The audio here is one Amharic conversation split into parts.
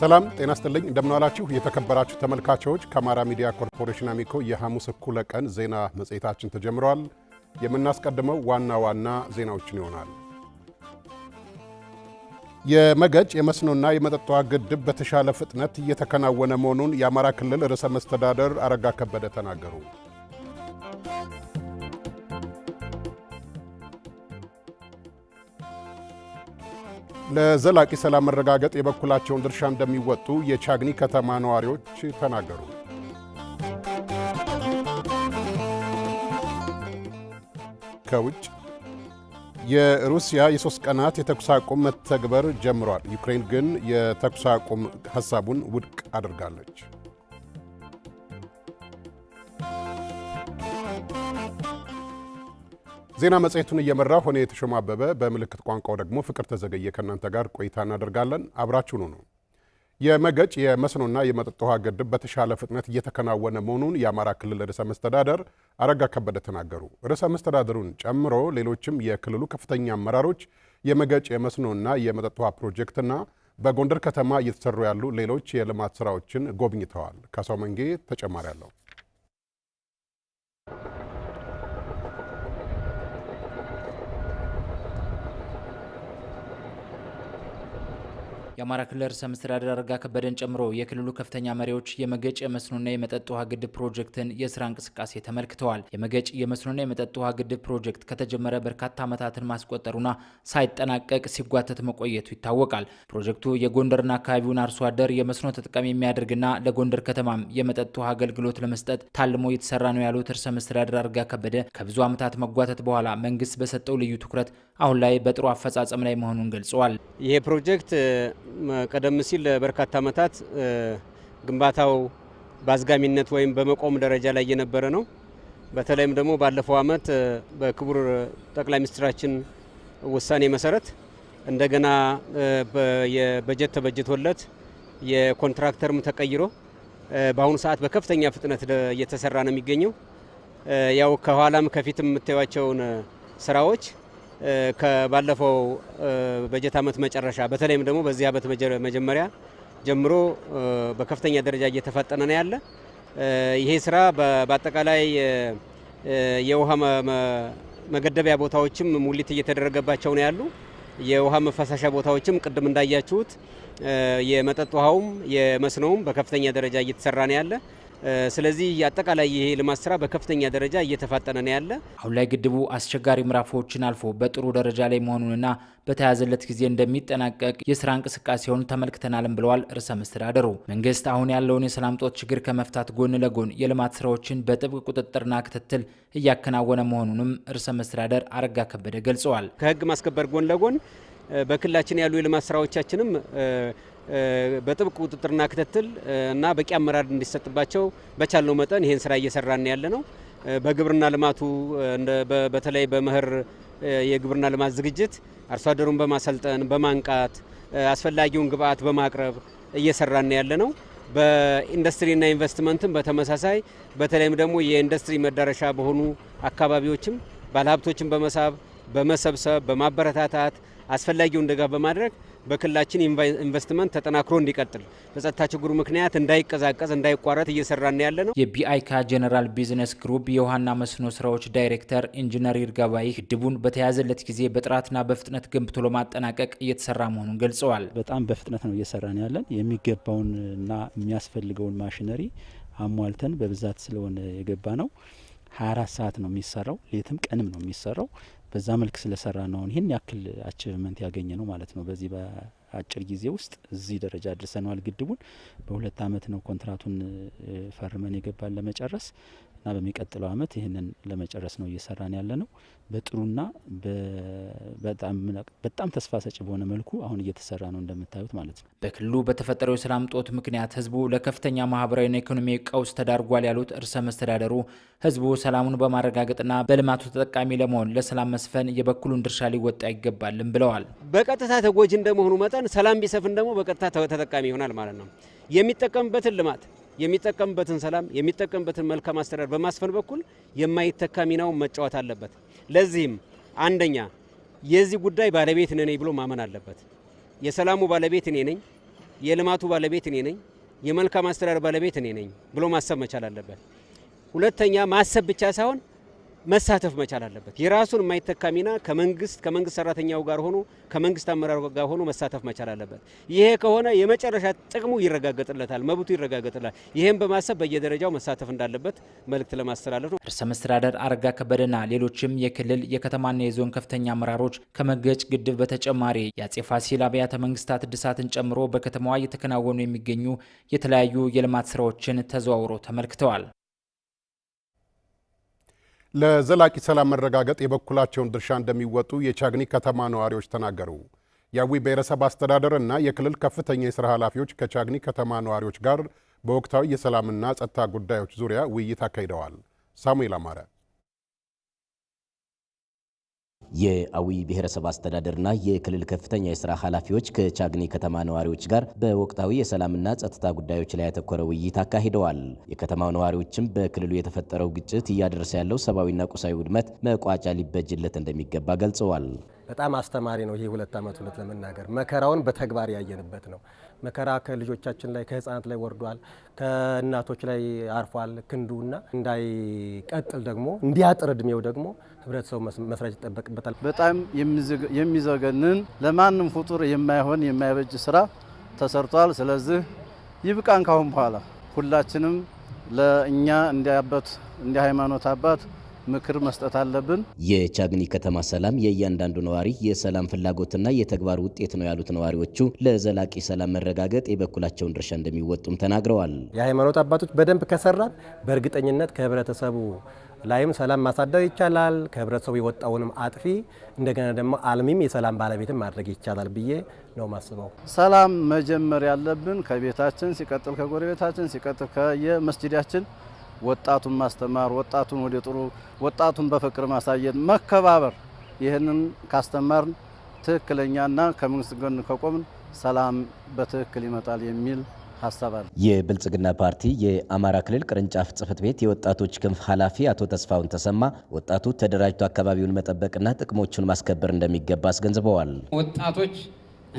ሰላም ጤና ስጥልኝ፣ እንደምናላችሁ የተከበራችሁ ተመልካቾች። ከአማራ ሚዲያ ኮርፖሬሽን አሚኮ የሐሙስ እኩለ ቀን ዜና መጽሔታችን ተጀምረዋል። የምናስቀድመው ዋና ዋና ዜናዎችን ይሆናል። የመገጭ የመስኖና የመጠጥ ውሃ ግድብ በተሻለ ፍጥነት እየተከናወነ መሆኑን የአማራ ክልል ርዕሰ መስተዳደር አረጋ ከበደ ተናገሩ። ለዘላቂ ሰላም መረጋገጥ የበኩላቸውን ድርሻ እንደሚወጡ የቻግኒ ከተማ ነዋሪዎች ተናገሩ። ከውጭ የሩሲያ የሶስት ቀናት የተኩስ አቁም መተግበር ጀምሯል። ዩክሬን ግን የተኩስ አቁም ሐሳቡን ውድቅ አድርጋለች። ዜና መጽሔቱን እየመራ እኔ የተሾመ አበበ፣ በምልክት ቋንቋው ደግሞ ፍቅር ተዘገየ ከእናንተ ጋር ቆይታ እናደርጋለን። አብራችሁኑ ነው። የመገጭ የመስኖና የመጠጥ ውሃ ግድብ በተሻለ ፍጥነት እየተከናወነ መሆኑን የአማራ ክልል ርዕሰ መስተዳደር አረጋ ከበደ ተናገሩ። ርዕሰ መስተዳደሩን ጨምሮ ሌሎችም የክልሉ ከፍተኛ አመራሮች የመገጭ የመስኖና የመጠጥ ውሃ ፕሮጀክትና በጎንደር ከተማ እየተሰሩ ያሉ ሌሎች የልማት ስራዎችን ጎብኝተዋል። ከሰው መንጌ ተጨማሪ አለው። የአማራ ክልል ርዕሰ መስተዳድር አረጋ ከበደን ጨምሮ የክልሉ ከፍተኛ መሪዎች የመገጭ የመስኖና የመጠጥ ውሃ ግድብ ፕሮጀክትን የስራ እንቅስቃሴ ተመልክተዋል። የመገጭ የመስኖና የመጠጥ ውሃ ግድብ ፕሮጀክት ከተጀመረ በርካታ ዓመታትን ማስቆጠሩና ሳይጠናቀቅ ሲጓተት መቆየቱ ይታወቃል። ፕሮጀክቱ የጎንደርና አካባቢውን አርሶ አደር የመስኖ ተጠቃሚ የሚያደርግና ለጎንደር ከተማም የመጠጥ ውሃ አገልግሎት ለመስጠት ታልሞ የተሰራ ነው ያሉት ርዕሰ መስተዳድር አረጋ ከበደ ከብዙ ዓመታት መጓተት በኋላ መንግስት በሰጠው ልዩ ትኩረት አሁን ላይ በጥሩ አፈጻጸም ላይ መሆኑን ገልጸዋል። ይሄ ፕሮጀክት ቀደም ሲል ለበርካታ ዓመታት ግንባታው በአዝጋሚነት ወይም በመቆም ደረጃ ላይ የነበረ ነው። በተለይም ደግሞ ባለፈው ዓመት በክቡር ጠቅላይ ሚኒስትራችን ውሳኔ መሰረት እንደገና የበጀት ተበጅቶለት የኮንትራክተርም ተቀይሮ በአሁኑ ሰዓት በከፍተኛ ፍጥነት እየተሰራ ነው የሚገኘው። ያው ከኋላም ከፊትም የምታዩቸውን ስራዎች ከባለፈው በጀት ዓመት መጨረሻ በተለይም ደግሞ በዚህ ዓመት መጀመሪያ ጀምሮ በከፍተኛ ደረጃ እየተፋጠነ ነው ያለ። ይሄ ስራ በአጠቃላይ የውሃ መገደቢያ ቦታዎችም ሙሊት እየተደረገባቸው ነው ያሉ። የውሃ መፈሳሻ ቦታዎችም ቅድም እንዳያችሁት የመጠጥ ውሃውም የመስኖውም በከፍተኛ ደረጃ እየተሰራ ነው ያለ። ስለዚህ አጠቃላይ ይሄ ልማት ስራ በከፍተኛ ደረጃ እየተፋጠነ ነው ያለ። አሁን ላይ ግድቡ አስቸጋሪ ምዕራፎችን አልፎ በጥሩ ደረጃ ላይ መሆኑንና በተያዘለት ጊዜ እንደሚጠናቀቅ የስራ እንቅስቃሴውን ተመልክተናልም ብለዋል ርዕሰ መስተዳደሩ። መንግስት አሁን ያለውን የሰላም ችግር ከመፍታት ጎን ለጎን የልማት ስራዎችን በጥብቅ ቁጥጥርና ክትትል እያከናወነ መሆኑንም ርዕሰ መስተዳደር አረጋ ከበደ ገልጸዋል። ከህግ ማስከበር ጎን ለጎን በክልላችን ያሉ የልማት ስራዎቻችንም በጥብቅ ቁጥጥርና ክትትል እና በቂ አመራር እንዲሰጥባቸው በቻለው መጠን ይህን ስራ እየሰራን ያለ ነው። በግብርና ልማቱ በተለይ በመኸር የግብርና ልማት ዝግጅት አርሶ አደሩን በማሰልጠን በማንቃት አስፈላጊውን ግብአት በማቅረብ እየሰራን ያለ ነው። በኢንዱስትሪና ኢንቨስትመንትም በተመሳሳይ በተለይም ደግሞ የኢንዱስትሪ መዳረሻ በሆኑ አካባቢዎችም ባለሀብቶችን በመሳብ በመሰብሰብ በማበረታታት አስፈላጊውን ድጋፍ በማድረግ በክልላችን ኢንቨስትመንት ተጠናክሮ እንዲቀጥል በጸጥታ ችግሩ ምክንያት እንዳይቀዛቀዝ እንዳይቋረጥ እየሰራን ያለ ነው። የቢአይካ ጀነራል ቢዝነስ ግሩፕ የውሃና መስኖ ስራዎች ዳይሬክተር ኢንጂነር ይርጋባይህ ድቡን በተያዘለት ጊዜ በጥራትና በፍጥነት ገንብቶ ለማጠናቀቅ እየተሰራ መሆኑን ገልጸዋል። በጣም በፍጥነት ነው እየሰራን ያለን የሚገባውንና የሚያስፈልገውን ማሽነሪ አሟልተን በብዛት ስለሆነ የገባ ነው። 24 ሰዓት ነው የሚሰራው፣ ሌትም ቀንም ነው የሚሰራው። በዛ መልክ ስለሰራ ነው ይህን ያክል አቺቭመንት ያገኘ ነው ማለት ነው። በዚህ በአጭር ጊዜ ውስጥ እዚህ ደረጃ አድርሰነዋል። ግድቡን በሁለት አመት ነው ኮንትራቱን ፈርመን የገባን ለመጨረስ እና በሚቀጥለው አመት ይህንን ለመጨረስ ነው እየሰራን ያለ ነው። በጥሩና በጣም ተስፋ ሰጭ በሆነ መልኩ አሁን እየተሰራ ነው እንደምታዩት ማለት ነው። በክልሉ በተፈጠረው የሰላም እጦት ምክንያት ህዝቡ ለከፍተኛ ማህበራዊና ኢኮኖሚ ቀውስ ተዳርጓል ያሉት እርሰ መስተዳደሩ ህዝቡ ሰላሙን በማረጋገጥና በልማቱ ተጠቃሚ ለመሆን ለሰላም መስፈን የበኩሉን ድርሻ ሊወጣ ይገባልም ብለዋል። በቀጥታ ተጎጂ እንደመሆኑ መጠን ሰላም ቢሰፍን ደግሞ በቀጥታ ተጠቃሚ ይሆናል ማለት ነው። የሚጠቀምበትን ልማት የሚጠቀምበትን ሰላም የሚጠቀምበትን መልካም አስተዳደር በማስፈን በኩል የማይተካ ሚናውን መጫወት አለበት። ለዚህም አንደኛ የዚህ ጉዳይ ባለቤት እኔ ብሎ ማመን አለበት። የሰላሙ ባለቤት እኔ ነኝ፣ የልማቱ ባለቤት እኔ ነኝ፣ የመልካም አስተዳደር ባለቤት እኔ ነኝ ብሎ ማሰብ መቻል አለበት። ሁለተኛ ማሰብ ብቻ ሳይሆን መሳተፍ መቻል አለበት። የራሱን የማይተካ ሚና ከመንግስት ከመንግስት ሰራተኛው ጋር ሆኖ ከመንግስት አመራር ጋር ሆኖ መሳተፍ መቻል አለበት። ይሄ ከሆነ የመጨረሻ ጥቅሙ ይረጋገጥለታል፣ መብቱ ይረጋገጥላል። ይህም በማሰብ በየደረጃው መሳተፍ እንዳለበት መልእክት ለማስተላለፍ ነው። ርዕሰ መስተዳደር አረጋ ከበደና ሌሎችም የክልል የከተማና የዞን ከፍተኛ አመራሮች ከመገጭ ግድብ በተጨማሪ የአፄ ፋሲል አብያተ መንግስታት እድሳትን ጨምሮ በከተማዋ እየተከናወኑ የሚገኙ የተለያዩ የልማት ስራዎችን ተዘዋውሮ ተመልክተዋል። ለዘላቂ ሰላም መረጋገጥ የበኩላቸውን ድርሻ እንደሚወጡ የቻግኒ ከተማ ነዋሪዎች ተናገሩ። የአዊ ብሔረሰብ አስተዳደር እና የክልል ከፍተኛ የሥራ ኃላፊዎች ከቻግኒ ከተማ ነዋሪዎች ጋር በወቅታዊ የሰላምና ጸጥታ ጉዳዮች ዙሪያ ውይይት አካሂደዋል። ሳሙኤል አማረ የአዊ ብሔረሰብ አስተዳደርና የክልል ከፍተኛ የስራ ኃላፊዎች ከቻግኒ ከተማ ነዋሪዎች ጋር በወቅታዊ የሰላምና ጸጥታ ጉዳዮች ላይ ያተኮረ ውይይት አካሂደዋል። የከተማው ነዋሪዎችም በክልሉ የተፈጠረው ግጭት እያደረሰ ያለው ሰብአዊና ቁሳዊ ውድመት መቋጫ ሊበጅለት እንደሚገባ ገልጸዋል። በጣም አስተማሪ ነው። ይህ ሁለት ዓመት ሁለት ለመናገር መከራውን በተግባር ያየንበት ነው። መከራ ከልጆቻችን ላይ ከህፃናት ላይ ወርዷል፣ ከእናቶች ላይ አርፏል ክንዱና እንዳይቀጥል ደግሞ እንዲያጥር እድሜው ደግሞ ህብረተሰቡ መስራት ይጠበቅበታል። በጣም የሚዘገንን ለማንም ፍጡር የማይሆን የማይበጅ ስራ ተሰርቷል። ስለዚህ ይብቃን። ካሁን በኋላ ሁላችንም ለእኛ እንዲያበት እንዲ እንደ ሃይማኖት አባት ምክር መስጠት አለብን። የቻግኒ ከተማ ሰላም የእያንዳንዱ ነዋሪ የሰላም ፍላጎትና የተግባር ውጤት ነው ያሉት ነዋሪዎቹ ለዘላቂ ሰላም መረጋገጥ የበኩላቸውን ድርሻ እንደሚወጡም ተናግረዋል። የሃይማኖት አባቶች በደንብ ከሰራን በእርግጠኝነት ከህብረተሰቡ ላይም ሰላም ማሳደር ይቻላል። ከህብረተሰቡ የወጣውንም አጥፊ እንደገና ደግሞ አልሚም የሰላም ባለቤትም ማድረግ ይቻላል ብዬ ነው ማስበው። ሰላም መጀመር ያለብን ከቤታችን፣ ሲቀጥል ከጎረቤታችን፣ ሲቀጥል ከየመስጅዳችን ወጣቱን ማስተማር፣ ወጣቱን ወደ ጥሩ ወጣቱን በፍቅር ማሳየት፣ መከባበር ይህንን ካስተማርን ትክክለኛና ከመንግስት ጎን ከቆምን ሰላም በትክክል ይመጣል የሚል ሀሳብ የብልጽግና ፓርቲ የአማራ ክልል ቅርንጫፍ ጽህፈት ቤት የወጣቶች ክንፍ ኃላፊ አቶ ተስፋውን ተሰማ ወጣቱ ተደራጅቶ አካባቢውን መጠበቅና ጥቅሞቹን ማስከበር እንደሚገባ አስገንዝበዋል። ወጣቶች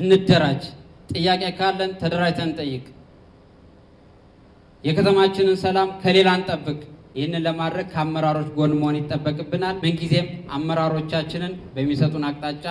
እንደራጅ፣ ጥያቄ ካለን ተደራጅተን እንጠይቅ የከተማችንን ሰላም ከሌላ አንጠብቅ። ይህንን ለማድረግ ከአመራሮች ጎን መሆን ይጠበቅብናል። ምንጊዜም አመራሮቻችንን በሚሰጡን አቅጣጫ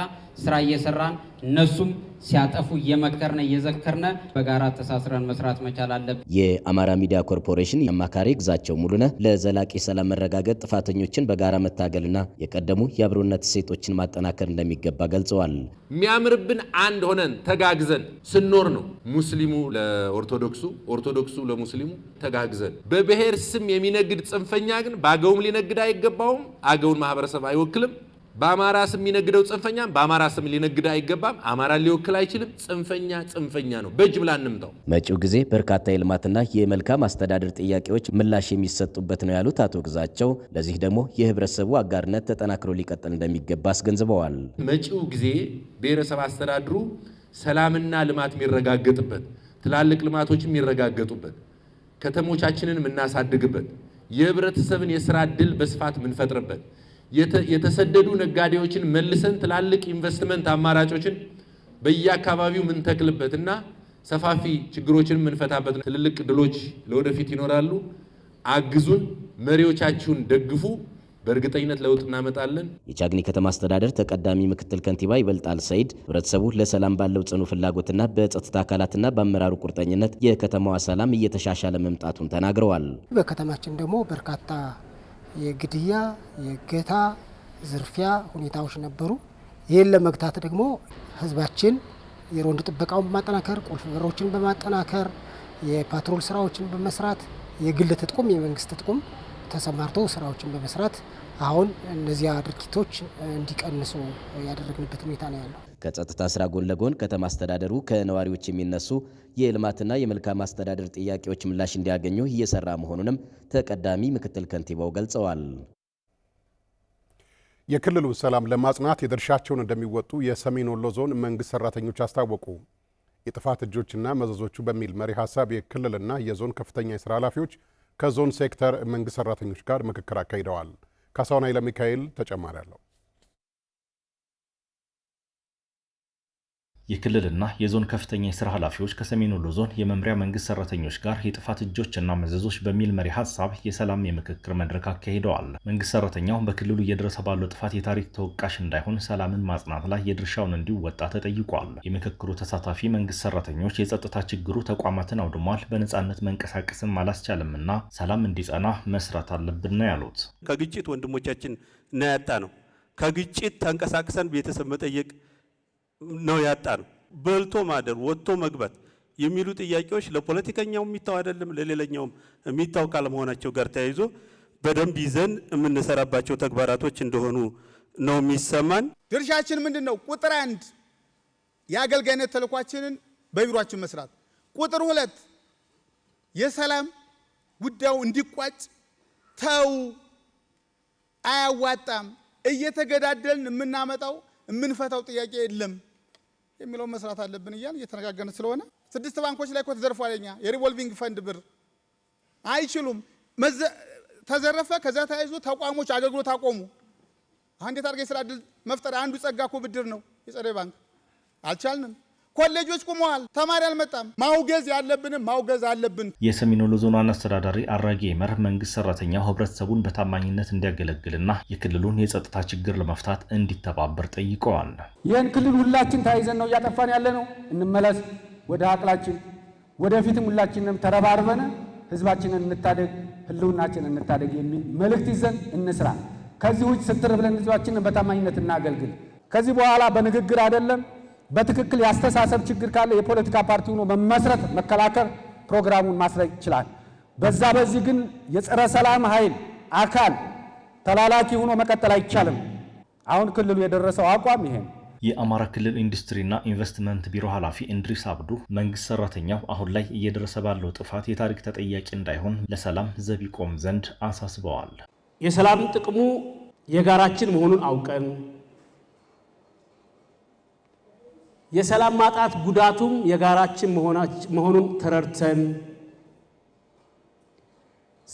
ስራ እየሰራን እነሱም ሲያጠፉ እየመከርነ እየዘከርነ በጋራ ተሳስረን መስራት መቻል አለብን። የአማራ ሚዲያ ኮርፖሬሽን አማካሪ ግዛቸው ሙሉነ ለዘላቂ ሰላም መረጋገጥ ጥፋተኞችን በጋራ መታገልና የቀደሙ የአብሮነት እሴቶችን ማጠናከር እንደሚገባ ገልጸዋል። የሚያምርብን አንድ ሆነን ተጋግዘን ስኖር ነው። ሙስሊሙ ለኦርቶዶክሱ፣ ኦርቶዶክሱ ለሙስሊሙ ተጋግዘን። በብሔር ስም የሚነግድ ጽንፈኛ ግን በአገውም ሊነግድ አይገባውም። አገውን ማህበረሰብ አይወክልም። በአማራ ስም የሚነግደው ጽንፈኛ በአማራ ስም ሊነግድ አይገባም። አማራ ሊወክል አይችልም። ጽንፈኛ ጽንፈኛ ነው፣ በጅምላ እንምታው። መጪው ጊዜ በርካታ የልማትና የመልካም አስተዳደር ጥያቄዎች ምላሽ የሚሰጡበት ነው ያሉት አቶ ግዛቸው፣ ለዚህ ደግሞ የህብረተሰቡ አጋርነት ተጠናክሮ ሊቀጥል እንደሚገባ አስገንዝበዋል። መጪው ጊዜ ብሔረሰብ አስተዳድሩ ሰላምና ልማት የሚረጋገጥበት፣ ትላልቅ ልማቶች የሚረጋገጡበት፣ ከተሞቻችንን የምናሳድግበት፣ የህብረተሰብን የስራ እድል በስፋት የምንፈጥርበት የተሰደዱ ነጋዴዎችን መልሰን ትላልቅ ኢንቨስትመንት አማራጮችን በየአካባቢው ምንተክልበት እና ሰፋፊ ችግሮችን የምንፈታበት ትልልቅ ድሎች ለወደፊት ይኖራሉ። አግዙን፣ መሪዎቻችሁን ደግፉ። በእርግጠኝነት ለውጥ እናመጣለን። የቻግኒ ከተማ አስተዳደር ተቀዳሚ ምክትል ከንቲባ ይበልጣል ሰይድ ህብረተሰቡ ለሰላም ባለው ጽኑ ፍላጎትና በጸጥታ አካላትና በአመራሩ ቁርጠኝነት የከተማዋ ሰላም እየተሻሻለ መምጣቱን ተናግረዋል። በከተማችን ደግሞ በርካታ የግድያ፣ የእገታ፣ ዝርፊያ ሁኔታዎች ነበሩ። ይህን ለመግታት ደግሞ ህዝባችን የሮንድ ጥበቃውን በማጠናከር ቁልፍ በሮችን በማጠናከር የፓትሮል ስራዎችን በመስራት የግል ትጥቁም የመንግስት ትጥቁም ተሰማርተው ስራዎችን በመስራት አሁን እነዚያ ድርጊቶች እንዲቀንሱ ያደረግንበት ሁኔታ ነው ያለው። ከጸጥታ ስራ ጎን ለጎን ከተማ አስተዳደሩ ከነዋሪዎች የሚነሱ የልማትና የመልካም አስተዳደር ጥያቄዎች ምላሽ እንዲያገኙ እየሰራ መሆኑንም ተቀዳሚ ምክትል ከንቲባው ገልጸዋል። የክልሉን ሰላም ለማጽናት የድርሻቸውን እንደሚወጡ የሰሜን ወሎ ዞን መንግስት ሰራተኞች አስታወቁ። የጥፋት እጆችና መዘዞቹ በሚል መሪ ሀሳብ የክልልና የዞን ከፍተኛ የስራ ኃላፊዎች ከዞን ሴክተር መንግስት ሰራተኞች ጋር ምክክር አካሂደዋል። ካሳሁን ኃይለ ሚካኤል ተጨማሪ አለው። የክልልና የዞን ከፍተኛ የስራ ኃላፊዎች ከሰሜን ወሎ ዞን የመምሪያ መንግስት ሰራተኞች ጋር የጥፋት እጆችና መዘዞች በሚል መሪ ሀሳብ የሰላም የምክክር መድረክ አካሂደዋል። መንግስት ሰራተኛው በክልሉ እየደረሰ ባለው ጥፋት የታሪክ ተወቃሽ እንዳይሆን ሰላምን ማጽናት ላይ የድርሻውን እንዲወጣ ተጠይቋል። የምክክሩ ተሳታፊ መንግስት ሰራተኞች የጸጥታ ችግሩ ተቋማትን አውድሟል፣ በነጻነት መንቀሳቀስም አላስቻለምና ሰላም እንዲጸና መስራት አለብን ነው ያሉት። ከግጭት ወንድሞቻችን እናያጣ ነው። ከግጭት ተንቀሳቅሰን ቤተሰብ መጠየቅ ነው ያጣ ነው። በልቶ ማደር፣ ወጥቶ መግባት የሚሉ ጥያቄዎች ለፖለቲከኛው የሚታው አይደለም፣ ለሌላኛውም የሚታው ካለመሆናቸው ጋር ተያይዞ በደንብ ይዘን የምንሰራባቸው ተግባራቶች እንደሆኑ ነው የሚሰማን። ድርሻችን ምንድን ነው? ቁጥር አንድ የአገልጋይነት ተልኳችንን በቢሮችን መስራት፣ ቁጥር ሁለት የሰላም ጉዳዩ እንዲቋጭ ተው፣ አያዋጣም እየተገዳደልን የምናመጣው የምንፈታው ጥያቄ የለም የሚለው መስራት አለብን እያል እየተነጋገርን ስለሆነ ስድስት ባንኮች ላይ እኮ ተዘርፏል። የኛ የሪቮልቪንግ ፈንድ ብር አይችሉም። ተዘረፈ። ከዛ ተያይዞ ተቋሞች አገልግሎት አቆሙ። አንድ የታርጌ ስራ እድል መፍጠር አንዱ ጸጋ እኮ ብድር ነው። የጸደይ ባንክ አልቻልንም። ኮሌጆች ቆመዋል። ተማሪ አልመጣም። ማውገዝ ያለብንም ማውገዝ አለብን። የሰሜን ወሎ ዞን አስተዳዳሪ አራጌ መር መንግስት ሰራተኛው ህብረተሰቡን በታማኝነት እንዲያገለግልና የክልሉን የጸጥታ ችግር ለመፍታት እንዲተባበር ጠይቀዋል። ይህን ክልል ሁላችን ተያይዘን ነው እያጠፋን ያለ ነው። እንመለስ ወደ አቅላችን። ወደፊትም ሁላችንም ተረባርበን ህዝባችንን እንታደግ፣ ህልውናችንን እንታደግ የሚል መልእክት ይዘን እንስራ። ከዚህ ውጭ ስትር ብለን ህዝባችንን በታማኝነት እናገልግል። ከዚህ በኋላ በንግግር አይደለም በትክክል ያስተሳሰብ ችግር ካለ የፖለቲካ ፓርቲ ሆኖ መመስረት፣ መከላከል፣ ፕሮግራሙን ማስረግ ይችላል። በዛ በዚህ ግን የጸረ ሰላም ኃይል አካል ተላላኪ ሆኖ መቀጠል አይቻልም። አሁን ክልሉ የደረሰው አቋም ይሄ የአማራ ክልል ኢንዱስትሪና ኢንቨስትመንት ቢሮ ኃላፊ እንድሪስ አብዱ መንግስት ሰራተኛው አሁን ላይ እየደረሰ ባለው ጥፋት የታሪክ ተጠያቂ እንዳይሆን ለሰላም ዘብ ይቆም ዘንድ አሳስበዋል። የሰላም ጥቅሙ የጋራችን መሆኑን አውቀን የሰላም ማጣት ጉዳቱም የጋራችን መሆኑን ተረድተን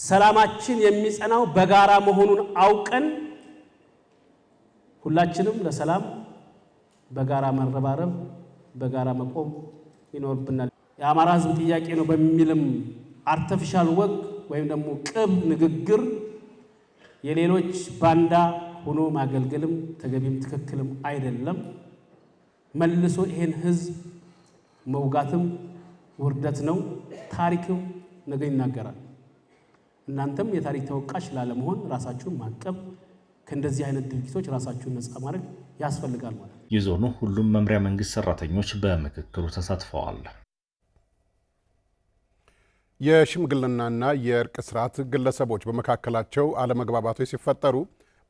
ሰላማችን የሚጸናው በጋራ መሆኑን አውቀን ሁላችንም ለሰላም በጋራ መረባረብ፣ በጋራ መቆም ይኖርብናል። የአማራ ሕዝብ ጥያቄ ነው በሚልም አርተፊሻል ወግ ወይም ደግሞ ቅብ ንግግር የሌሎች ባንዳ ሆኖ ማገልገልም ተገቢም ትክክልም አይደለም። መልሶ ይሄን ህዝብ መውጋትም ውርደት ነው። ታሪክም ነገ ይናገራል። እናንተም የታሪክ ተወቃሽ ላለመሆን ራሳችሁን ማቀብ ከእንደዚህ አይነት ድርጊቶች ራሳችሁን ነጻ ማድረግ ያስፈልጋል ማለት ነው። የዞኑ ሁሉም መምሪያ መንግስት ሰራተኞች በምክክሩ ተሳትፈዋል። የሽምግልናና የእርቅ ስርዓት ግለሰቦች በመካከላቸው አለመግባባቶች ሲፈጠሩ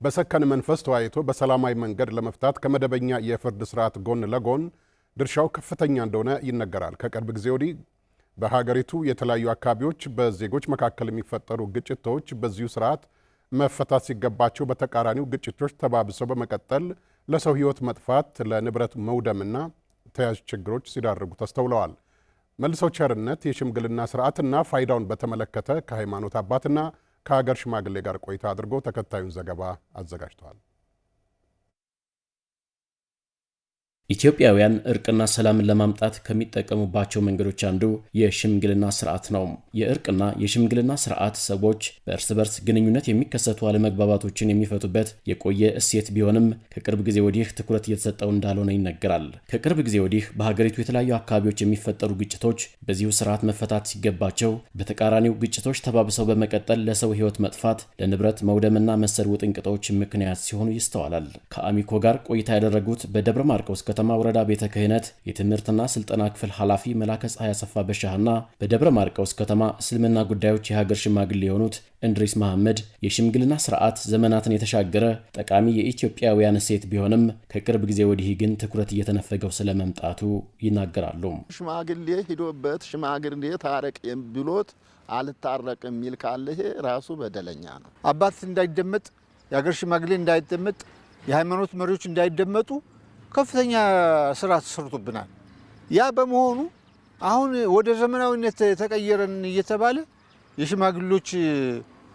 በሰከነ መንፈስ ተወያይቶ በሰላማዊ መንገድ ለመፍታት ከመደበኛ የፍርድ ስርዓት ጎን ለጎን ድርሻው ከፍተኛ እንደሆነ ይነገራል። ከቅርብ ጊዜ ወዲህ በሀገሪቱ የተለያዩ አካባቢዎች በዜጎች መካከል የሚፈጠሩ ግጭቶች በዚሁ ስርዓት መፈታት ሲገባቸው በተቃራኒው ግጭቶች ተባብሰው በመቀጠል ለሰው ሕይወት መጥፋት፣ ለንብረት መውደምና ተያዥ ችግሮች ሲዳርጉ ተስተውለዋል። መልሰው ቸርነት የሽምግልና ስርዓትና ፋይዳውን በተመለከተ ከሃይማኖት አባትና ከሀገር ሽማግሌ ጋር ቆይታ አድርጎ ተከታዩን ዘገባ አዘጋጅተዋል። ኢትዮጵያውያን እርቅና ሰላምን ለማምጣት ከሚጠቀሙባቸው መንገዶች አንዱ የሽምግልና ስርዓት ነው። የእርቅና የሽምግልና ስርዓት ሰዎች በእርስ በርስ ግንኙነት የሚከሰቱ አለመግባባቶችን የሚፈቱበት የቆየ እሴት ቢሆንም ከቅርብ ጊዜ ወዲህ ትኩረት እየተሰጠው እንዳልሆነ ይነገራል። ከቅርብ ጊዜ ወዲህ በሀገሪቱ የተለያዩ አካባቢዎች የሚፈጠሩ ግጭቶች በዚሁ ስርዓት መፈታት ሲገባቸው፣ በተቃራኒው ግጭቶች ተባብሰው በመቀጠል ለሰው ህይወት መጥፋት፣ ለንብረት መውደምና መሰል ውጥንቅጦች ምክንያት ሲሆኑ ይስተዋላል። ከአሚኮ ጋር ቆይታ ያደረጉት በደብረ ማርቆስ ከተማ ከተማ ወረዳ ቤተ ክህነት የትምህርትና ስልጠና ክፍል ኃላፊ መላከ ፀሐይ አሰፋ በሻህና በደብረ ማርቆስ ከተማ እስልምና ጉዳዮች የሀገር ሽማግሌ የሆኑት እንድሪስ መሐመድ የሽምግልና ስርዓት ዘመናትን የተሻገረ ጠቃሚ የኢትዮጵያውያን እሴት ቢሆንም ከቅርብ ጊዜ ወዲህ ግን ትኩረት እየተነፈገው ስለመምጣቱ ይናገራሉ። ሽማግሌ ሂዶበት ሽማግሌ ታረቅ ብሎት አልታረቅም የሚል ካለ ይሄ ራሱ በደለኛ ነው። አባት እንዳይደመጥ፣ የሀገር ሽማግሌ እንዳይደመጥ፣ የሃይማኖት መሪዎች እንዳይደመጡ ከፍተኛ ስራ ተሰርቶብናል። ያ በመሆኑ አሁን ወደ ዘመናዊነት ተቀየረን እየተባለ የሽማግሌዎች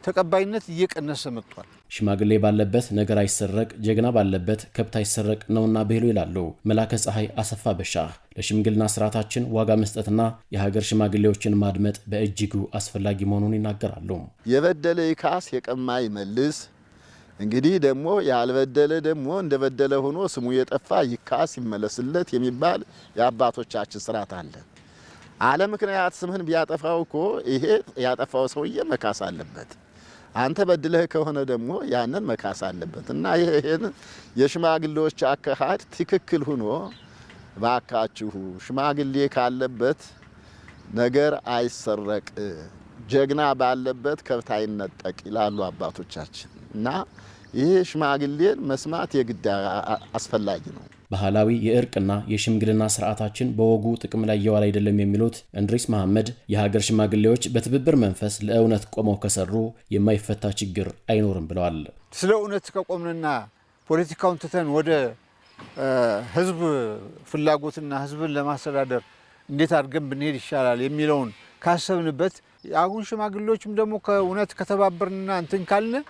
ተቀባይነት እየቀነሰ መጥቷል። ሽማግሌ ባለበት ነገር አይሰረቅ፣ ጀግና ባለበት ከብት አይሰረቅ ነውና ብሄሉ ይላሉ መላከ ፀሐይ አሰፋ በሻ። ለሽምግልና ስርዓታችን ዋጋ መስጠትና የሀገር ሽማግሌዎችን ማድመጥ በእጅጉ አስፈላጊ መሆኑን ይናገራሉ። የበደለ ይካስ፣ የቀማ ይመልስ እንግዲህ ደግሞ ያልበደለ ደግሞ እንደበደለ ሆኖ ስሙ የጠፋ ይካስ ይመለስለት የሚባል የአባቶቻችን ስርዓት አለ። አለ ምክንያት ስምህን ቢያጠፋው እኮ ይሄ ያጠፋው ሰውዬ መካስ አለበት። አንተ በድለህ ከሆነ ደግሞ ያንን መካስ አለበት እና ይሄን የሽማግሌዎች አካሄድ ትክክል ሆኖ ባካችሁ ሽማግሌ ካለበት ነገር አይሰረቅ፣ ጀግና ባለበት ከብት አይነጠቅ ይላሉ አባቶቻችን። እና ይሄ ሽማግሌን መስማት የግድ አስፈላጊ ነው። ባህላዊ የእርቅና የሽምግልና ስርዓታችን በወጉ ጥቅም ላይ እየዋለ አይደለም የሚሉት እንድሪስ መሐመድ የሀገር ሽማግሌዎች በትብብር መንፈስ ለእውነት ቆመው ከሰሩ የማይፈታ ችግር አይኖርም ብለዋል። ስለ እውነት ከቆምንና ፖለቲካውን ትተን ወደ ህዝብ ፍላጎትና ህዝብን ለማስተዳደር እንዴት አድርገን ብንሄድ ይሻላል የሚለውን ካሰብንበት አሁን ሽማግሌዎችም ደግሞ ከእውነት ከተባበርንና እንትን ካልን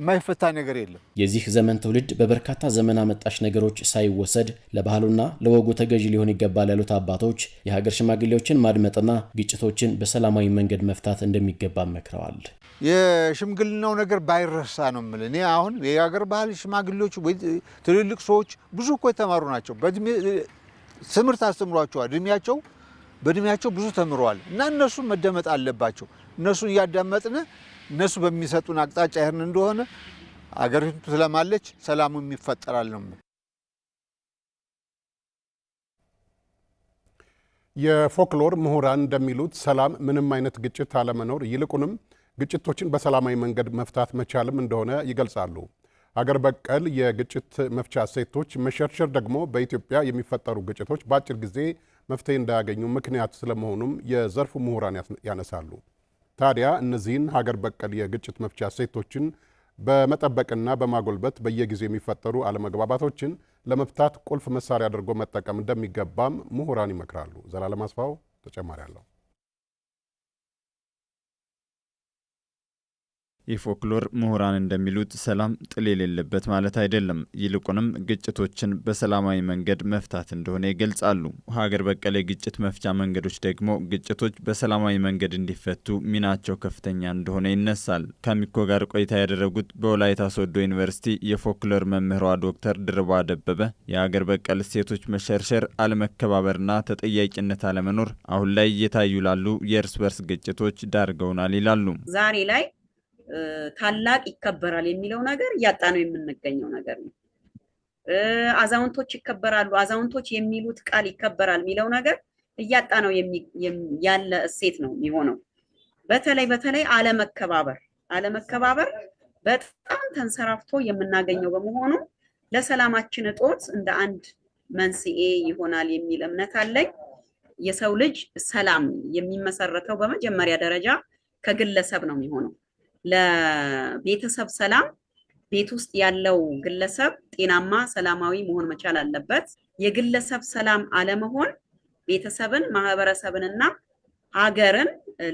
የማይፈታ ነገር የለም። የዚህ ዘመን ትውልድ በበርካታ ዘመን አመጣሽ ነገሮች ሳይወሰድ ለባህሉና ለወጉ ተገዢ ሊሆን ይገባል ያሉት አባቶች የሀገር ሽማግሌዎችን ማድመጥና ግጭቶችን በሰላማዊ መንገድ መፍታት እንደሚገባ መክረዋል። የሽምግልናው ነገር ባይረሳ ነው የምል። እኔ አሁን የሀገር ባህል ሽማግሌዎች ትልልቅ ሰዎች ብዙ እኮ የተማሩ ናቸው። ትምህርት አስተምሯቸዋል። እድሜያቸው በእድሜያቸው ብዙ ተምረዋል እና እነሱን መደመጥ አለባቸው። እነሱን እያዳመጥን እነሱ በሚሰጡን አቅጣጫ ይህን እንደሆነ አገሪቱ ትለማለች፣ ሰላሙ ይፈጠራል ነው። የፎክሎር ምሁራን እንደሚሉት ሰላም ምንም አይነት ግጭት አለመኖር ይልቁንም ግጭቶችን በሰላማዊ መንገድ መፍታት መቻልም እንደሆነ ይገልጻሉ። አገር በቀል የግጭት መፍቻ ሴቶች መሸርሸር ደግሞ በኢትዮጵያ የሚፈጠሩ ግጭቶች በአጭር ጊዜ መፍትሄ እንዳያገኙ ምክንያት ስለመሆኑም የዘርፉ ምሁራን ያነሳሉ። ታዲያ እነዚህን ሀገር በቀል የግጭት መፍቻ ሴቶችን በመጠበቅና በማጎልበት በየጊዜ የሚፈጠሩ አለመግባባቶችን ለመፍታት ቁልፍ መሳሪያ አድርጎ መጠቀም እንደሚገባም ምሁራን ይመክራሉ። ዘላለም አስፋው ተጨማሪ አለው። የፎክሎር ምሁራን እንደሚሉት ሰላም ጥል የሌለበት ማለት አይደለም። ይልቁንም ግጭቶችን በሰላማዊ መንገድ መፍታት እንደሆነ ይገልጻሉ። ሀገር በቀል የግጭት መፍቻ መንገዶች ደግሞ ግጭቶች በሰላማዊ መንገድ እንዲፈቱ ሚናቸው ከፍተኛ እንደሆነ ይነሳል። ከሚኮ ጋር ቆይታ ያደረጉት በወላይታ ሶዶ ዩኒቨርሲቲ የፎክሎር መምህሯ ዶክተር ድርባ ደበበ የሀገር በቀል እሴቶች መሸርሸር፣ አለመከባበርና ተጠያቂነት አለመኖር አሁን ላይ እየታዩ ላሉ የእርስ በርስ ግጭቶች ዳርገውናል ይላሉ። ዛሬ ላይ ታላቅ ይከበራል የሚለው ነገር እያጣ ነው የምንገኘው ነገር ነው። አዛውንቶች ይከበራሉ፣ አዛውንቶች የሚሉት ቃል ይከበራል የሚለው ነገር እያጣ ነው ያለ እሴት ነው የሚሆነው። በተለይ በተለይ አለመከባበር አለመከባበር በጣም ተንሰራፍቶ የምናገኘው በመሆኑ ለሰላማችን እጦት እንደ አንድ መንስኤ ይሆናል የሚል እምነት አለኝ። የሰው ልጅ ሰላም የሚመሰረተው በመጀመሪያ ደረጃ ከግለሰብ ነው የሚሆነው። ለቤተሰብ ሰላም ቤት ውስጥ ያለው ግለሰብ ጤናማ፣ ሰላማዊ መሆን መቻል አለበት። የግለሰብ ሰላም አለመሆን ቤተሰብን፣ ማህበረሰብንና ሀገርን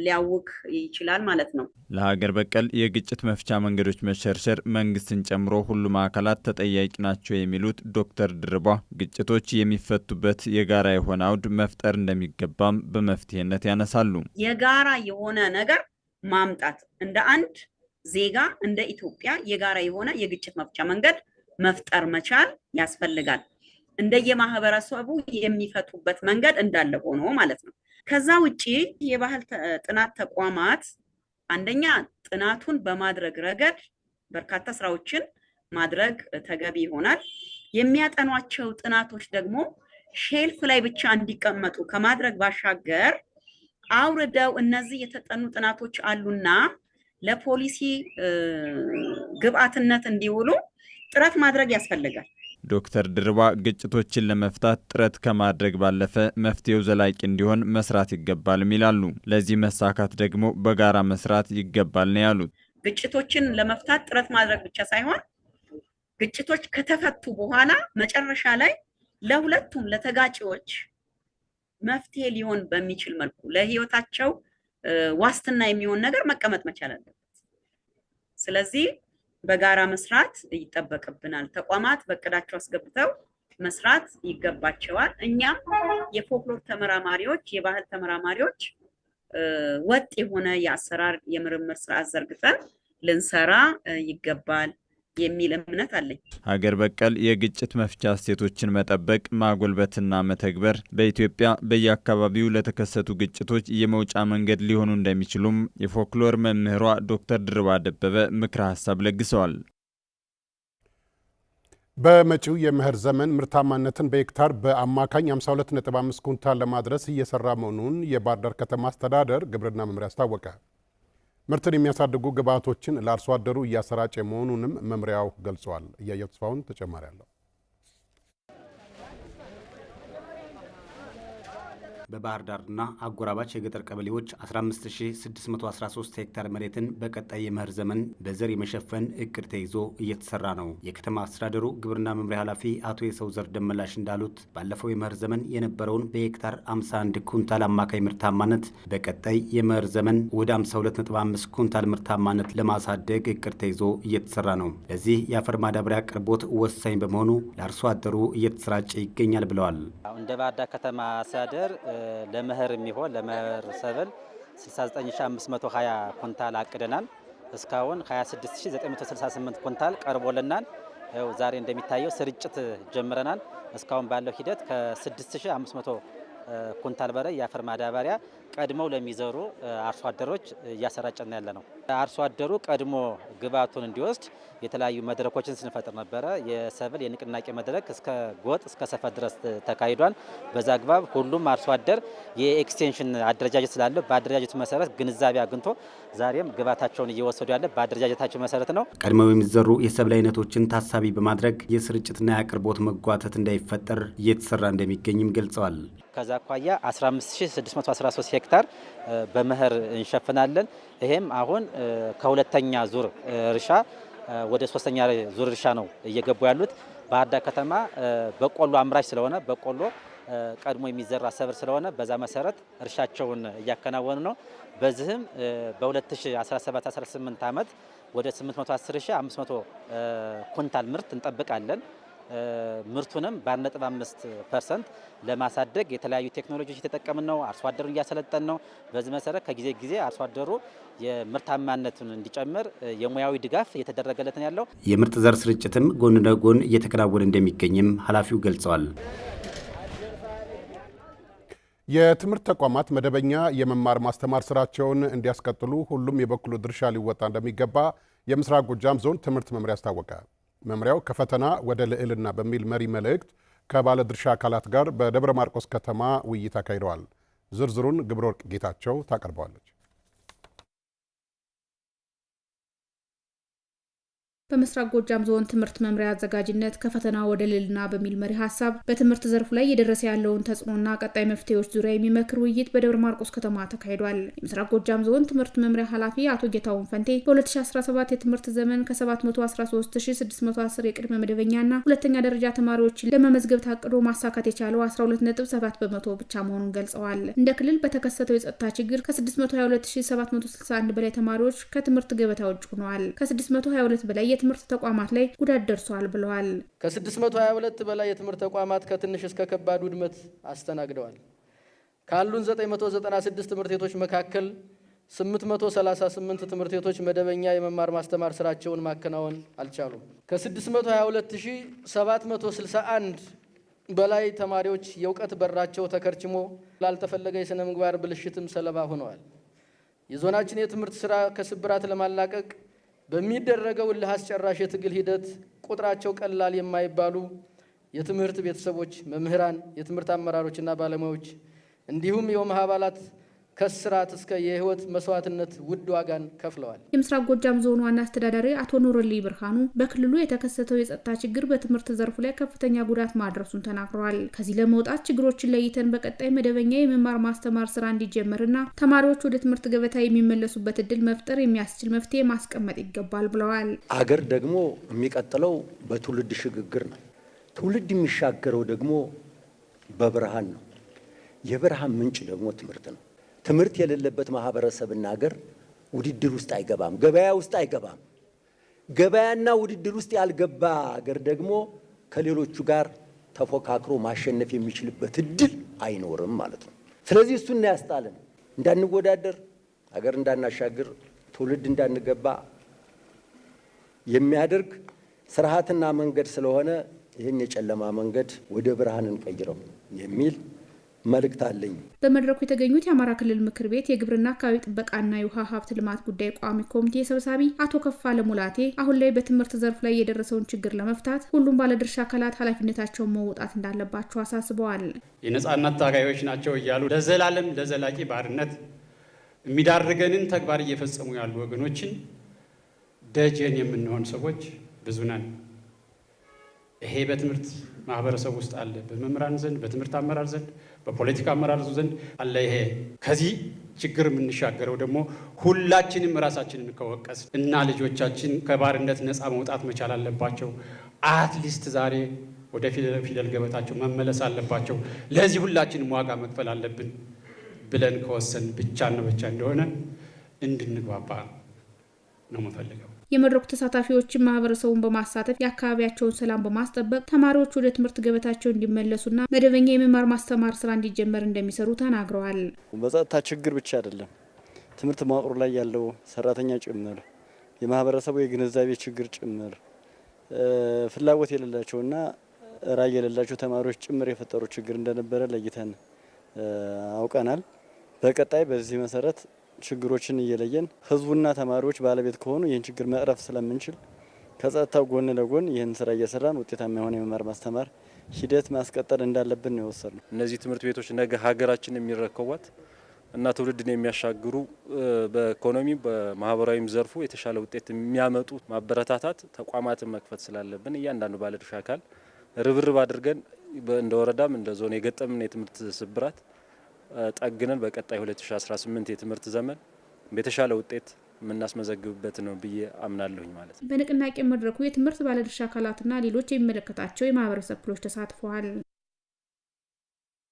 ሊያውክ ይችላል ማለት ነው። ለሀገር በቀል የግጭት መፍቻ መንገዶች መሸርሸር መንግስትን ጨምሮ ሁሉም አካላት ተጠያቂ ናቸው የሚሉት ዶክተር ድርቧ ግጭቶች የሚፈቱበት የጋራ የሆነ አውድ መፍጠር እንደሚገባም በመፍትሄነት ያነሳሉ። የጋራ የሆነ ነገር ማምጣት እንደ አንድ ዜጋ እንደ ኢትዮጵያ የጋራ የሆነ የግጭት መፍቻ መንገድ መፍጠር መቻል ያስፈልጋል። እንደየማህበረሰቡ የሚፈቱበት መንገድ እንዳለ ሆኖ ማለት ነው። ከዛ ውጪ የባህል ጥናት ተቋማት አንደኛ ጥናቱን በማድረግ ረገድ በርካታ ስራዎችን ማድረግ ተገቢ ይሆናል። የሚያጠኗቸው ጥናቶች ደግሞ ሼልፍ ላይ ብቻ እንዲቀመጡ ከማድረግ ባሻገር አውርደው እነዚህ የተጠኑ ጥናቶች አሉና ለፖሊሲ ግብአትነት እንዲውሉ ጥረት ማድረግ ያስፈልጋል። ዶክተር ድርባ ግጭቶችን ለመፍታት ጥረት ከማድረግ ባለፈ መፍትሄው ዘላቂ እንዲሆን መስራት ይገባልም ይላሉ። ለዚህ መሳካት ደግሞ በጋራ መስራት ይገባል ነው ያሉት። ግጭቶችን ለመፍታት ጥረት ማድረግ ብቻ ሳይሆን ግጭቶች ከተፈቱ በኋላ መጨረሻ ላይ ለሁለቱም ለተጋጪዎች መፍትሄ ሊሆን በሚችል መልኩ ለህይወታቸው ዋስትና የሚሆን ነገር መቀመጥ መቻል አለበት። ስለዚህ በጋራ መስራት ይጠበቅብናል። ተቋማት በእቅዳቸው አስገብተው መስራት ይገባቸዋል። እኛም የፎክሎር ተመራማሪዎች፣ የባህል ተመራማሪዎች ወጥ የሆነ የአሰራር የምርምር ስርዓት ዘርግተን ልንሰራ ይገባል። የሚል እምነት አለኝ። ሀገር በቀል የግጭት መፍቻ እሴቶችን መጠበቅ ማጎልበትና መተግበር በኢትዮጵያ በየአካባቢው ለተከሰቱ ግጭቶች የመውጫ መንገድ ሊሆኑ እንደሚችሉም የፎክሎር መምህሯ ዶክተር ድርባ ደበበ ምክረ ሀሳብ ለግሰዋል። በመጪው የመኸር ዘመን ምርታማነትን በሄክታር በአማካኝ 525 ኩንታል ለማድረስ እየሰራ መሆኑን የባህር ዳር ከተማ አስተዳደር ግብርና መምሪያ አስታወቀ። ምርትን የሚያሳድጉ ግብዓቶችን ለአርሶ አደሩ እያሰራጨ መሆኑንም መምሪያው ገልጸዋል እያየው ተስፋውን ተጨማሪ አለው። በባህር ዳርና አጎራባች የገጠር ቀበሌዎች 15613 ሄክታር መሬትን በቀጣይ የመኸር ዘመን በዘር የመሸፈን እቅድ ተይዞ እየተሰራ ነው። የከተማ አስተዳደሩ ግብርና መምሪያ ኃላፊ አቶ የሰው ዘር ደመላሽ እንዳሉት ባለፈው የመኸር ዘመን የነበረውን በሄክታር 51 ኩንታል አማካይ ምርታማነት በቀጣይ የመኸር ዘመን ወደ 525 ኩንታል ምርታማነት ለማሳደግ እቅድ ተይዞ እየተሰራ ነው። ለዚህ የአፈር ማዳበሪያ አቅርቦት ወሳኝ በመሆኑ ለአርሶ አደሩ እየተሰራጨ ይገኛል ብለዋል። እንደ ባህር ዳር ከተማ አስተዳደር ለመኸር የሚሆን ለመኸር ሰብል 69520 ኩንታል አቅደናል። እስካሁን 26968 ኩንታል ቀርቦልናል። ው ዛሬ እንደሚታየው ስርጭት ጀምረናል። እስካሁን ባለው ሂደት ከ6500 ኩንታል በላይ የአፈር ማዳበሪያ ቀድመው ለሚዘሩ አርሶ አደሮች እያሰራጨና ያለ ነው። አርሶ አደሩ ቀድሞ ግብዓቱን እንዲወስድ የተለያዩ መድረኮችን ስንፈጥር ነበረ። የሰብል የንቅናቄ መድረክ እስከ ጎጥ እስከ ሰፈር ድረስ ተካሂዷል። በዛ አግባብ ሁሉም አርሶ አደር የኤክስቴንሽን አደረጃጀት ስላለው በአደረጃጀቱ መሰረት ግንዛቤ አግኝቶ ዛሬም ግብዓታቸውን እየወሰዱ ያለ በአደረጃጀታቸው መሰረት ነው። ቀድመው የሚዘሩ የሰብል አይነቶችን ታሳቢ በማድረግ የስርጭትና የአቅርቦት መጓተት እንዳይፈጠር እየተሰራ እንደሚገኝም ገልጸዋል። ከዛ አኳያ 15613 ሄክታር በመኸር እንሸፍናለን። ይሄም አሁን ከሁለተኛ ዙር እርሻ ወደ ሶስተኛ ዙር እርሻ ነው እየገቡ ያሉት። ባህር ዳር ከተማ በቆሎ አምራች ስለሆነ በቆሎ ቀድሞ የሚዘራ ሰብር ስለሆነ በዛ መሰረት እርሻቸውን እያከናወኑ ነው። በዚህም በ2017/18 ዓመት ወደ 810,500 ኩንታል ምርት እንጠብቃለን። ምርቱንም በ 15 ፐርሰንት ለማሳደግ የተለያዩ ቴክኖሎጂዎች እየተጠቀምን ነው። አርሶ አደሩን እያሰለጠን ነው። በዚህ መሰረት ከጊዜ ጊዜ አርሶ አደሩ የምርታማነቱን እንዲጨምር የሙያዊ ድጋፍ እየተደረገለት ያለው። የምርጥ ዘር ስርጭትም ጎን ለጎን እየተከናወነ እንደሚገኝም ኃላፊው ገልጸዋል። የትምህርት ተቋማት መደበኛ የመማር ማስተማር ስራቸውን እንዲያስቀጥሉ ሁሉም የበኩሉ ድርሻ ሊወጣ እንደሚገባ የምስራቅ ጎጃም ዞን ትምህርት መምሪያ አስታወቀ። መምሪያው ከፈተና ወደ ልዕልና በሚል መሪ መልእክት ከባለድርሻ አካላት ጋር በደብረ ማርቆስ ከተማ ውይይት አካሂደዋል። ዝርዝሩን ግብረ ወርቅ ጌታቸው ታቀርበዋለች። በምስራቅ ጎጃም ዞን ትምህርት መምሪያ አዘጋጅነት ከፈተና ወደ ልዕልና በሚል መሪ ሀሳብ በትምህርት ዘርፉ ላይ እየደረሰ ያለውን ተጽዕኖና ቀጣይ መፍትሄዎች ዙሪያ የሚመክር ውይይት በደብረ ማርቆስ ከተማ ተካሂዷል። የምስራቅ ጎጃም ዞን ትምህርት መምሪያ ኃላፊ አቶ ጌታውን ፈንቴ በ2017 የትምህርት ዘመን ከ713610 የቅድመ መደበኛና ሁለተኛ ደረጃ ተማሪዎችን ለመመዝገብ ታቅዶ ማሳካት የቻለው 12.7 በመቶ ብቻ መሆኑን ገልጸዋል። እንደ ክልል በተከሰተው የጸጥታ ችግር ከ622761 በላይ ተማሪዎች ከትምህርት ገበታ ውጭ ሆነዋል። ከ622 በላይ የትምህርት ተቋማት ላይ ጉዳት ደርሰዋል ብለዋል። ከ622 በላይ የትምህርት ተቋማት ከትንሽ እስከ ከባድ ውድመት አስተናግደዋል። ካሉን 996 ትምህርት ቤቶች መካከል 838 ትምህርት ቤቶች መደበኛ የመማር ማስተማር ስራቸውን ማከናወን አልቻሉም። ከ622761 በላይ ተማሪዎች የእውቀት በራቸው ተከርችሞ ላልተፈለገ የሥነ ምግባር ብልሽትም ሰለባ ሆነዋል። የዞናችን የትምህርት ስራ ከስብራት ለማላቀቅ በሚደረገው እልህ አስጨራሽ የትግል ሂደት ቁጥራቸው ቀላል የማይባሉ የትምህርት ቤተሰቦች፣ መምህራን፣ የትምህርት አመራሮችና ባለሙያዎች እንዲሁም የኦመህ አባላት ከስርዓት እስከ የህይወት መስዋዕትነት ውድ ዋጋን ከፍለዋል። የምስራቅ ጎጃም ዞን ዋና አስተዳዳሪ አቶ ኖረሊ ብርሃኑ በክልሉ የተከሰተው የጸጥታ ችግር በትምህርት ዘርፉ ላይ ከፍተኛ ጉዳት ማድረሱን ተናግረዋል። ከዚህ ለመውጣት ችግሮችን ለይተን በቀጣይ መደበኛ የመማር ማስተማር ስራ እንዲጀመርና ተማሪዎች ወደ ትምህርት ገበታ የሚመለሱበት እድል መፍጠር የሚያስችል መፍትሄ ማስቀመጥ ይገባል ብለዋል። አገር ደግሞ የሚቀጥለው በትውልድ ሽግግር ነው። ትውልድ የሚሻገረው ደግሞ በብርሃን ነው። የብርሃን ምንጭ ደግሞ ትምህርት ነው። ትምህርት የሌለበት ማህበረሰብና ሀገር ውድድር ውስጥ አይገባም፣ ገበያ ውስጥ አይገባም። ገበያና ውድድር ውስጥ ያልገባ ሀገር ደግሞ ከሌሎቹ ጋር ተፎካክሮ ማሸነፍ የሚችልበት እድል አይኖርም ማለት ነው። ስለዚህ እሱ ያስጣልን እንዳንወዳደር ሀገር እንዳናሻግር ትውልድ እንዳንገባ የሚያደርግ ስርዓትና መንገድ ስለሆነ ይህን የጨለማ መንገድ ወደ ብርሃን እንቀይረው የሚል መልእክት አለኝ። በመድረኩ የተገኙት የአማራ ክልል ምክር ቤት የግብርና አካባቢ ጥበቃና የውሃ ሀብት ልማት ጉዳይ ቋሚ ኮሚቴ ሰብሳቢ አቶ ከፋ ለሙላቴ አሁን ላይ በትምህርት ዘርፍ ላይ የደረሰውን ችግር ለመፍታት ሁሉም ባለድርሻ አካላት ኃላፊነታቸውን መወጣት እንዳለባቸው አሳስበዋል። የነጻነት ታጋዮች ናቸው እያሉ ለዘላለም ለዘላቂ ባርነት የሚዳርገንን ተግባር እየፈጸሙ ያሉ ወገኖችን ደጀን የምንሆን ሰዎች ብዙ ነን። ይሄ በትምህርት ማህበረሰብ ውስጥ አለ። በመምህራን ዘንድ፣ በትምህርት አመራር ዘንድ፣ በፖለቲካ አመራር ዘንድ አለ። ይሄ ከዚህ ችግር የምንሻገረው ደግሞ ሁላችንም ራሳችንን ከወቀስ እና ልጆቻችን ከባርነት ነፃ መውጣት መቻል አለባቸው። አትሊስት ዛሬ ወደ ፊደል ገበታቸው መመለስ አለባቸው። ለዚህ ሁላችንም ዋጋ መክፈል አለብን ብለን ከወሰን ብቻ ነው ብቻ እንደሆነ እንድንግባባ ነው የምፈልገው። የመድረኩ ተሳታፊዎችን ማህበረሰቡን በማሳተፍ የአካባቢያቸውን ሰላም በማስጠበቅ ተማሪዎች ወደ ትምህርት ገበታቸው እንዲመለሱና መደበኛ የመማር ማስተማር ስራ እንዲጀመር እንደሚሰሩ ተናግረዋል። በጸጥታ ችግር ብቻ አይደለም፣ ትምህርት መዋቅሩ ላይ ያለው ሰራተኛ ጭምር የማህበረሰቡ የግንዛቤ ችግር ጭምር ፍላጎት የሌላቸውና ራዕይ የሌላቸው ተማሪዎች ጭምር የፈጠሩ ችግር እንደነበረ ለይተን አውቀናል። በቀጣይ በዚህ መሰረት ችግሮችን እየለየን ህዝቡና ተማሪዎች ባለቤት ከሆኑ ይህን ችግር መቅረፍ ስለምንችል ከጸጥታው ጎን ለጎን ይህን ስራ እየሰራን ውጤታማ የሆነ የመማር ማስተማር ሂደት ማስቀጠል እንዳለብን ነው የወሰድነው። እነዚህ ትምህርት ቤቶች ነገ ሀገራችን የሚረከቧት እና ትውልድን የሚያሻግሩ በኢኮኖሚ በማህበራዊም ዘርፉ የተሻለ ውጤት የሚያመጡ ማበረታታት ተቋማትን መክፈት ስላለብን እያንዳንዱ ባለድርሻ አካል ርብርብ አድርገን እንደ ወረዳም እንደ ዞን የገጠምን የትምህርት ስብራት ጠግነን በቀጣይ 2018 የትምህርት ዘመን በተሻለ ውጤት የምናስመዘግብበት ነው ብዬ አምናለሁኝ ማለት ነው። በንቅናቄ መድረኩ የትምህርት ባለድርሻ አካላትና ሌሎች የሚመለከታቸው የማህበረሰብ ክፍሎች ተሳትፈዋል።